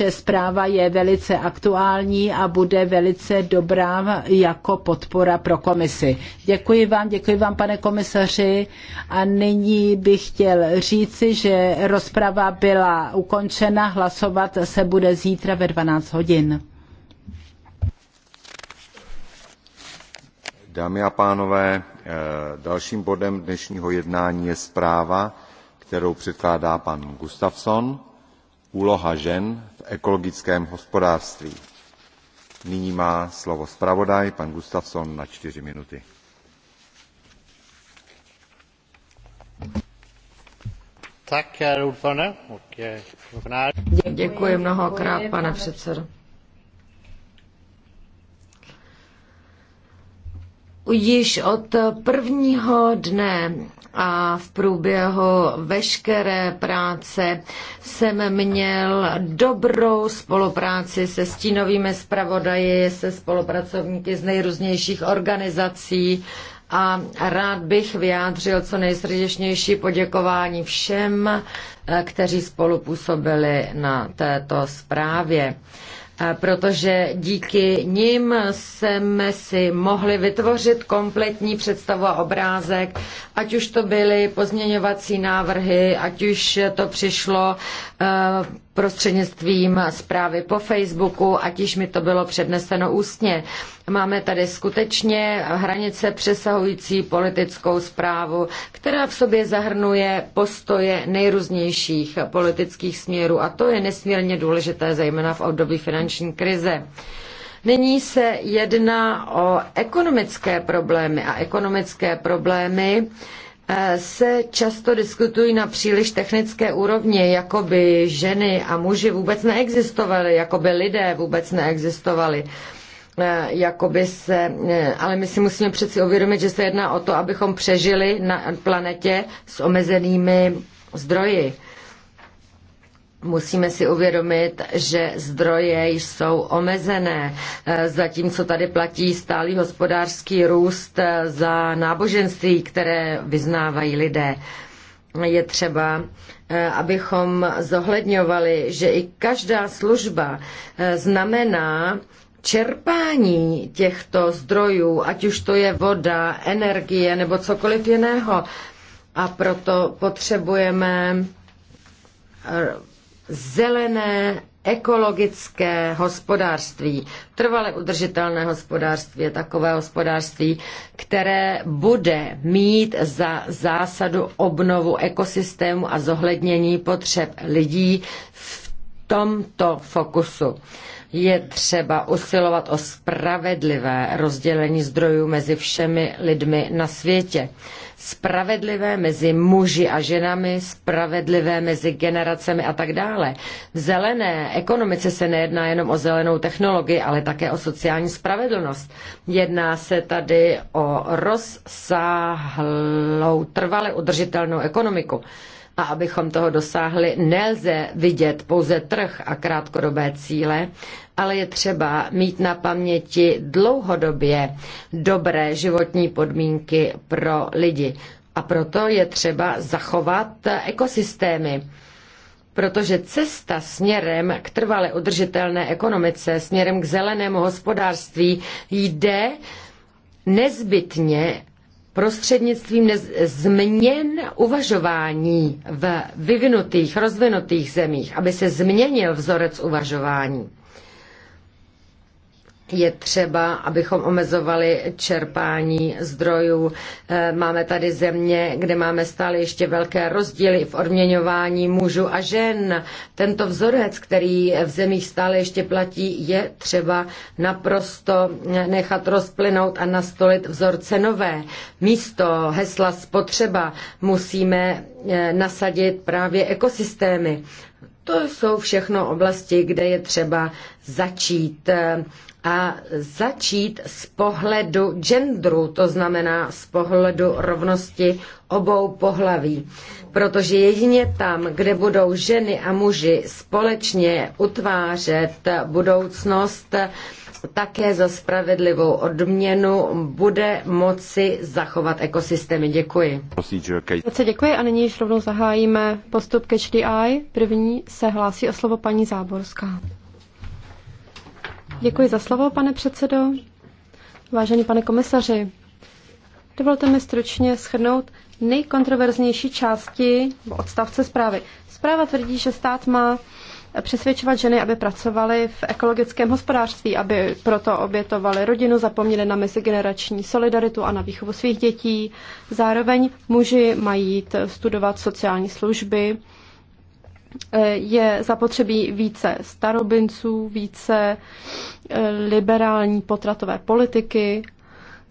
vaše zpráva je velice aktuální a bude velice dobrá jako podpora pro komisi. Děkuji vám, děkuji vám, pane komisaři. A nyní bych chtěl říci, že rozprava byla ukončena. Hlasovat se bude zítra ve 12 hodin. Dámy a pánové, eh, dalším bodem dnešního jednání je zpráva, kterou předkládá pan Gustafsson úloha žen v ekologickém hospodářství. nyní má slovo zpravodaj pan gustafsson na čtyři minuty. Eh, eh, Děkuji mnohokrát, pane předsedo. již od prvního dne a v průběhu veškeré práce jsem měl dobrou spolupráci se stínovými zpravodaji, se spolupracovníky z nejrůznějších organizací a rád bych vyjádřil co nejsrdečnější poděkování všem, eh, kteří spolupůsobili na této zprávě protože díky nim jsme si mohli vytvořit kompletní představu a obrázek, ať už to byly pozměňovací návrhy, ať už to přišlo eh, prostřednictvím zprávy po Facebooku, ať již mi to bylo předneseno ústně. Máme tady skutečně hranice přesahující politickou zprávu, která v sobě zahrnuje postoje nejrůznějších politických směrů a to je nesmírně důležité, zejména v období finanční krize. Nyní se jedná o ekonomické problémy a ekonomické problémy E, se často diskutují na příliš technické úrovni, jako by ženy a muži vůbec neexistovali, jako by lidé vůbec neexistovali. E, Jakoby se, e, ale my si musíme přeci uvědomit, že se jedná o to, abychom přežili na planetě s omezenými zdroji. Musíme si uvědomit, že zdroje jsou omezené, e, zatímco tady platí stálý hospodářský růst e, za náboženství, které vyznávají lidé. Je třeba, e, abychom zohledňovali, že i každá služba znamená čerpání těchto zdrojů, ať už to je voda, energie nebo cokoliv jiného. A proto potřebujeme zelené ekologické hospodářství, trvale udržitelné hospodářství takové hospodářství, které bude mít za zásadu obnovu ekosystému a zohlednění potřeb lidí v tomto fokusu. Je třeba usilovat o spravedlivé rozdělení zdrojů mezi všemi lidmi na světě spravedlivé mezi muži a ženami, spravedlivé mezi generacemi a tak dále. V zelené ekonomice se nejedná jenom o zelenou technologii, ale také o sociální spravedlnost. Jedná se tady o rozsáhlou, trvale udržitelnou ekonomiku a abychom toho dosáhli, nelze vidět pouze trh a krátkodobé cíle, ale je třeba mít na paměti dlouhodobě dobré životní podmínky pro lidi. A proto je třeba zachovat ekosystémy protože cesta směrem k trvale udržitelné ekonomice, směrem k zelenému hospodářství jde nezbytně prostřednictvím změn uvažování v vyvinutých, rozvinutých zemích, aby se změnil vzorec uvažování je třeba, abychom omezovali čerpání zdrojů. Eh, máme tady země, kde máme stále ještě velké rozdíly v odměňování mužů a žen. Tento vzorec, který v zemích stále ještě platí, je třeba naprosto nechat rozplynout a nastolit vzorce nové. Místo hesla spotřeba musíme eh, nasadit právě ekosystémy. To jsou všechno oblasti, kde je třeba začít eh, a začít z pohledu genderu, to znamená z pohledu rovnosti obou pohlaví. Protože jedině tam, kde budou ženy a muži společně utvářet budoucnost, také za spravedlivou odměnu bude moci zachovat ekosystémy. Děkuji. Velice děkuji a nyní již rovnou zahájíme postup the Eye. První se hlásí o slovo paní Záborská. Děkuji za slovo, pane předsedo. Vážený pane komisaři, dovolte mi stručně shrnout nejkontroverznější části odstavce zprávy. Zpráva tvrdí, že stát má přesvědčovat ženy, aby pracovaly v ekologickém hospodářství, aby proto obětovaly rodinu, zapomněly na mezigenerační solidaritu a na výchovu svých dětí. Zároveň muži mají jít studovat sociální služby je zapotřebí více starobinců, více eh, liberální potratové politiky.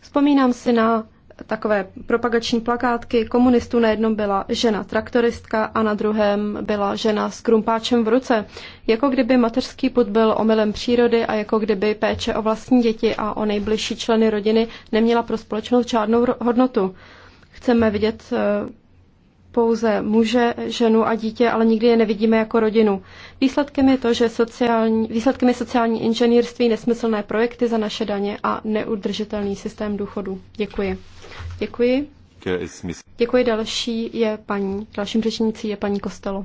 Vzpomínám si na takové propagační plakátky komunistů. Na jednom byla žena traktoristka a na druhém byla žena s krumpáčem v ruce. Jako kdyby mateřský put byl omylem přírody a jako kdyby péče o vlastní děti a o nejbližší členy rodiny neměla pro společnost žádnou hodnotu. Chceme vidět eh, pouze muže, ženu a dítě, ale nikdy je nevidíme jako rodinu. Výsledkem je to, že sociální, výsledkem je sociální inženýrství, nesmyslné projekty za naše daně a neudržitelný systém důchodu. Děkuji. Děkuji. Děkuji. Další je paní, dalším řečnící je paní Kostelo.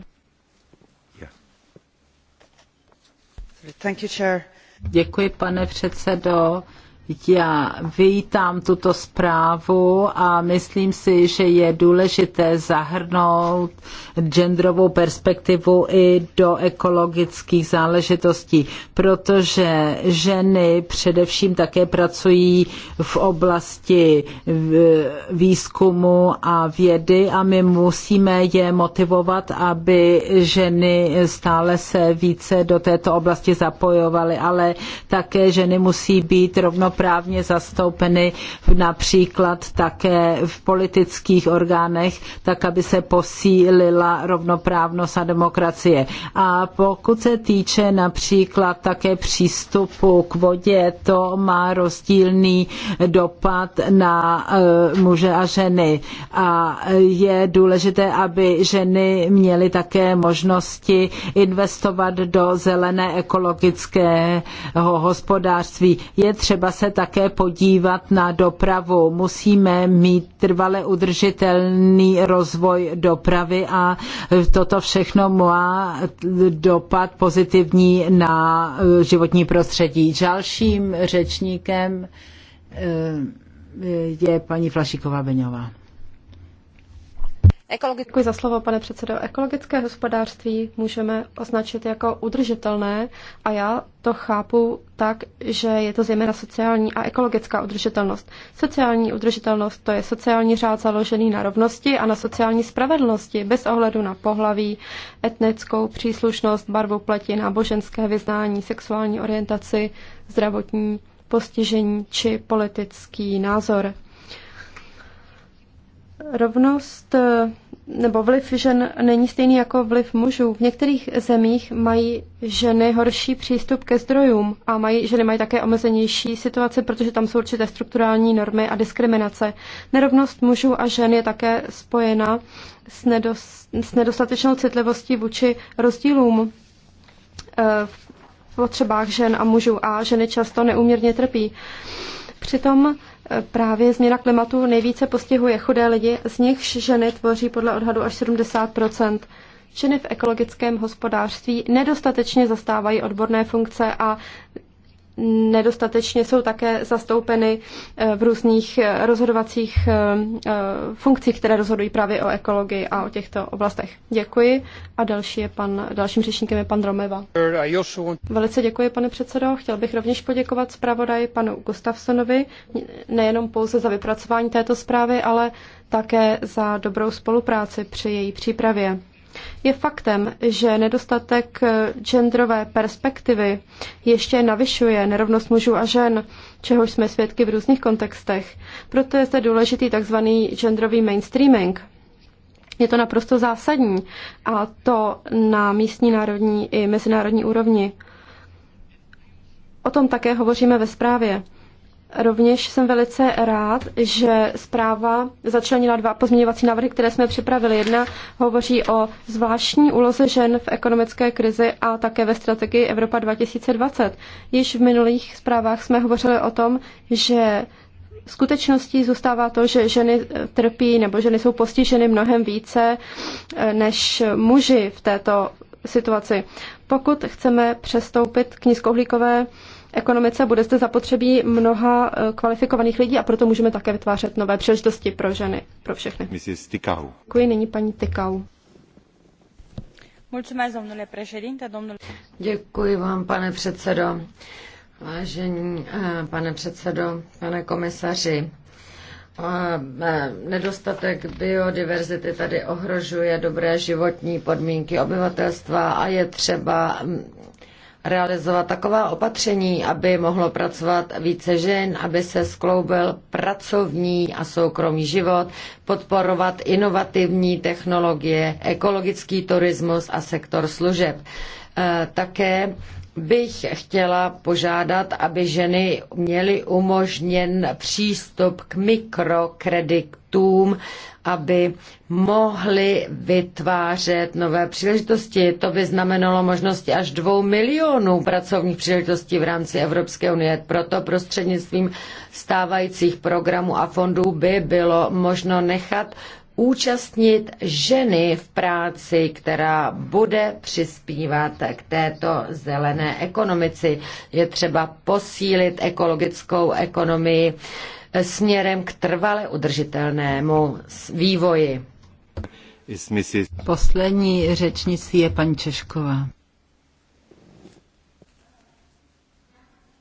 Děkuji, pane předsedo já vítám tuto zprávu a myslím si, že je důležité zahrnout genderovou perspektivu i do ekologických záležitostí, protože ženy především také pracují v oblasti výzkumu a vědy a my musíme je motivovat, aby ženy stále se více do této oblasti zapojovaly, ale také ženy musí být rovnoprávné právně zastoupeny například také v politických orgánech, tak aby se posílila rovnoprávnost a demokracie. A pokud se týče například také přístupu k vodě, to má rozdílný dopad na e, muže a ženy. A je důležité, aby ženy měly také možnosti investovat do zelené ekologického hospodářství. Je třeba se se také podívat na dopravu. Musíme mít trvale udržitelný rozvoj dopravy a toto všechno má dopad pozitivní na eh, životní prostředí. Dalším řečníkem eh, je paní Flašiková Beňová. Ekologi- Děkuji za slovo, pane předsedo. Ekologické hospodářství můžeme označit jako udržitelné a já to chápu tak, že je to zejména sociální a ekologická udržitelnost. Sociální udržitelnost to je sociální řád založený na rovnosti a na sociální spravedlnosti bez ohledu na pohlaví, etnickou příslušnost, barvu pleti, náboženské vyznání, sexuální orientaci, zdravotní postižení či politický názor. Rovnost eh, nebo vliv žen není stejný jako vliv mužů. V některých zemích mají ženy horší přístup ke zdrojům a mají, ženy mají také omezenější situace protože tam jsou určité strukturální normy a diskriminace. Nerovnost mužů a žen je také spojena s, nedos, s nedostatečnou citlivostí vůči rozdílům eh, v potřebách žen a mužů a ženy často neuměrně trpí. Přitom Eh, právě změna klimatu nejvíce postihuje chudé lidi, z nichž ženy tvoří podle odhadu až 70 Ženy v ekologickém hospodářství nedostatečně zastávají odborné funkce a nedostatečně jsou také zastoupeny eh, v různých eh, rozhodovacích eh, funkcích, které rozhodují právě o ekologii a o těchto oblastech. Děkuji a další je pan, dalším řečníkem je pan Romeva. Velice děkuji, pane předsedo. Chtěl bych rovněž poděkovat zpravodaji panu Gustafsonovi nejenom pouze za vypracování této zprávy, ale také za dobrou spolupráci při její přípravě. Je faktem, že nedostatek genderové perspektivy ještě navyšuje nerovnost mužů a žen, čehož jsme svědky v různých kontextech. Proto je zde důležitý tzv. genderový mainstreaming. Je to naprosto zásadní a to na místní, národní i mezinárodní úrovni. O tom také hovoříme ve zprávě. Rovněž jsem velice rád, že zpráva začlenila dva pozměňovací návrhy, které jsme připravili. Jedna hovoří o zvláštní úloze žen v ekonomické krizi a také ve strategii Evropa 2020. Již v minulých zprávách jsme hovořili o tom, že skutečností zůstává to, že ženy trpí nebo ženy jsou postiženy mnohem více eh, než muži v této situaci. Pokud chceme přestoupit k nízkouhlíkové ekonomice bude zde zapotřebí mnoha eh, kvalifikovaných lidí a proto můžeme také vytvářet nové příležitosti pro ženy, pro všechny. Mrs. Tikau. Děkuji, nyní paní Tikau. Děkuji vám, pane předsedo. Vážení eh, pane předsedo, pane komisaři, eh, Nedostatek biodiverzity tady ohrožuje dobré životní podmínky obyvatelstva a je třeba mm, realizovat taková opatření, aby mohlo pracovat více žen, aby se skloubil pracovní a soukromý život, podporovat inovativní technologie, ekologický turismus a sektor služeb. Eh, také bych chtěla požádat, aby ženy měly umožněn přístup k mikrokreditům, aby mohly vytvářet nové příležitosti. To by znamenalo možnosti až dvou milionů pracovních příležitostí v rámci Evropské unie. Proto prostřednictvím stávajících programů a fondů by bylo možno nechat účastnit ženy v práci, která bude přispívat k této zelené ekonomici. Je třeba posílit ekologickou ekonomii směrem k trvale udržitelnému vývoji. Poslední řečnicí je paní Češková.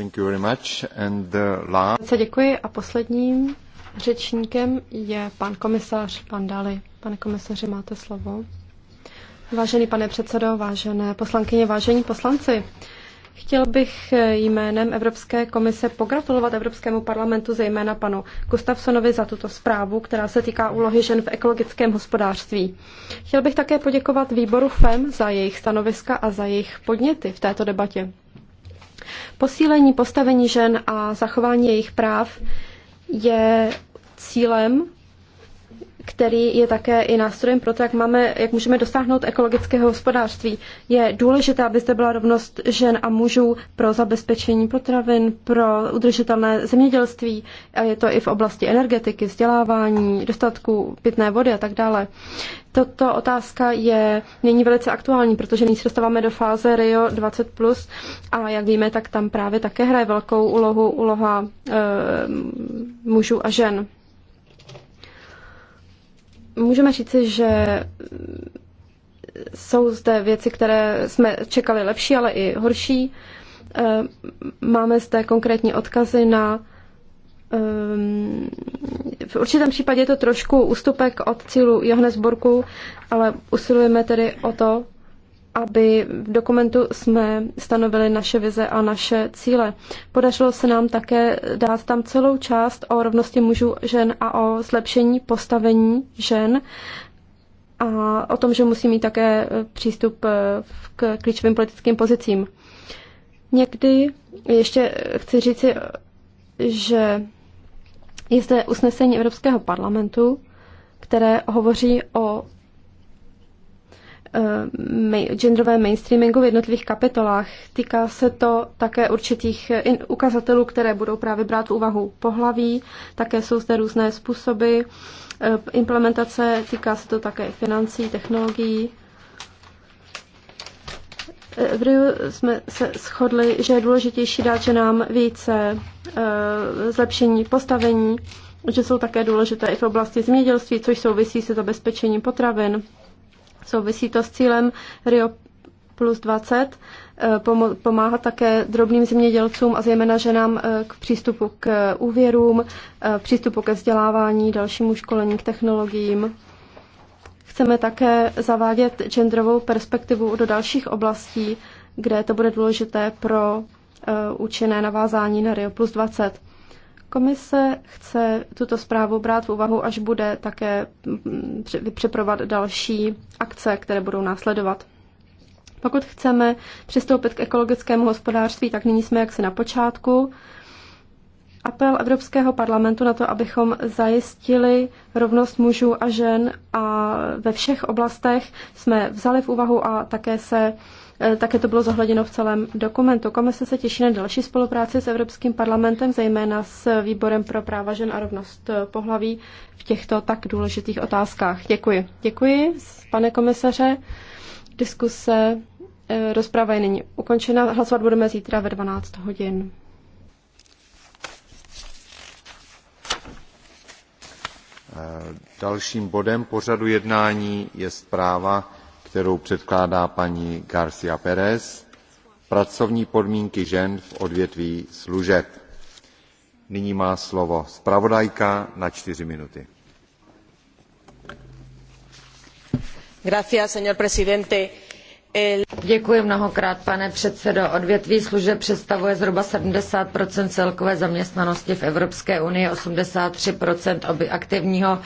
Thank you very much. And the last... Děkuji a posledním řečníkem je pan komisař Pandali. Pane komisaři, máte slovo. Vážený pane předsedo, vážené poslankyně, vážení poslanci, Chtěl bych jménem Evropské komise pogratulovat Evropskému parlamentu, zejména panu Gustafsonovi, za tuto zprávu, která se týká úlohy žen v ekologickém hospodářství. Chtěl bych také poděkovat výboru FEM za jejich stanoviska a za jejich podněty v této debatě. Posílení postavení žen a zachování jejich práv je cílem který je také i nástrojem pro to, jak, máme, jak můžeme dosáhnout ekologického hospodářství. Je důležité, aby zde byla rovnost žen a mužů pro zabezpečení potravin, pro udržitelné zemědělství, a je to i v oblasti energetiky, vzdělávání, dostatku pitné vody a tak dále. Toto otázka je nyní velice aktuální, protože nyní se dostáváme do fáze Rio 20+, a jak víme, tak tam právě také hraje velkou úlohu úloha e, mužů a žen můžeme říci, že jsou zde věci, které jsme čekali lepší, ale i horší. Eh, máme zde konkrétní odkazy na ehm, v určitém případě je to trošku ústupek od cílu Johannesburgu, ale usilujeme tedy o to, aby v dokumentu jsme stanovili naše vize a naše cíle. Podařilo se nám také dát tam celou část o rovnosti mužů žen a o zlepšení postavení žen a o tom, že musí mít také eh, přístup eh, k klíčovým politickým pozicím. Někdy ještě chci říci, že je zde usnesení Evropského parlamentu, které hovoří o Eh, genderové mainstreamingu v jednotlivých kapitolách. Týká se to také určitých eh, ukazatelů, které budou právě brát v úvahu pohlaví, také jsou zde různé způsoby eh, implementace, týká se to také financí, technologií. V Riu jsme se shodli, že je důležitější dát ženám více zlepšení postavení, že jsou také důležité i v oblasti zemědělství, což souvisí se zabezpečením potravin. Souvisí to s cílem Rio plus 20 eh, pomáhá také drobným zemědělcům a zejména ženám eh, k přístupu k úvěrům, eh, přístupu ke vzdělávání, dalšímu školení k technologiím. Chceme také zavádět genderovou perspektivu do dalších oblastí, kde to bude důležité pro účinné navázání na Rio plus 20. Komise chce tuto zprávu brát v úvahu, až bude také přeprovat další akce, které budou následovat. Pokud chceme přistoupit k ekologickému hospodářství, tak nyní jsme jaksi na počátku apel Evropského parlamentu na to, abychom zajistili rovnost mužů a žen a ve všech oblastech jsme vzali v úvahu a také se e, také to bylo zohledněno v celém dokumentu. Komise se těší na další spolupráci s Evropským parlamentem, zejména s Výborem pro práva žen a rovnost pohlaví v těchto tak důležitých otázkách. Děkuji. Děkuji, pane komisaře. Diskuse, e, rozprava je nyní ukončena. Hlasovat budeme zítra ve 12 hodin. dalším bodem pořadu jednání je zpráva kterou předkládá paní garca Pérez. pracovní podmínky žen v odvětví služeb. nyní má slovo zpravodajka na čtyři minuty. señor presidente Děkuji mnohokrát, pane předsedo. Odvětví služeb představuje zhruba 70 celkové zaměstnanosti v Evropské unii, 83 aktivního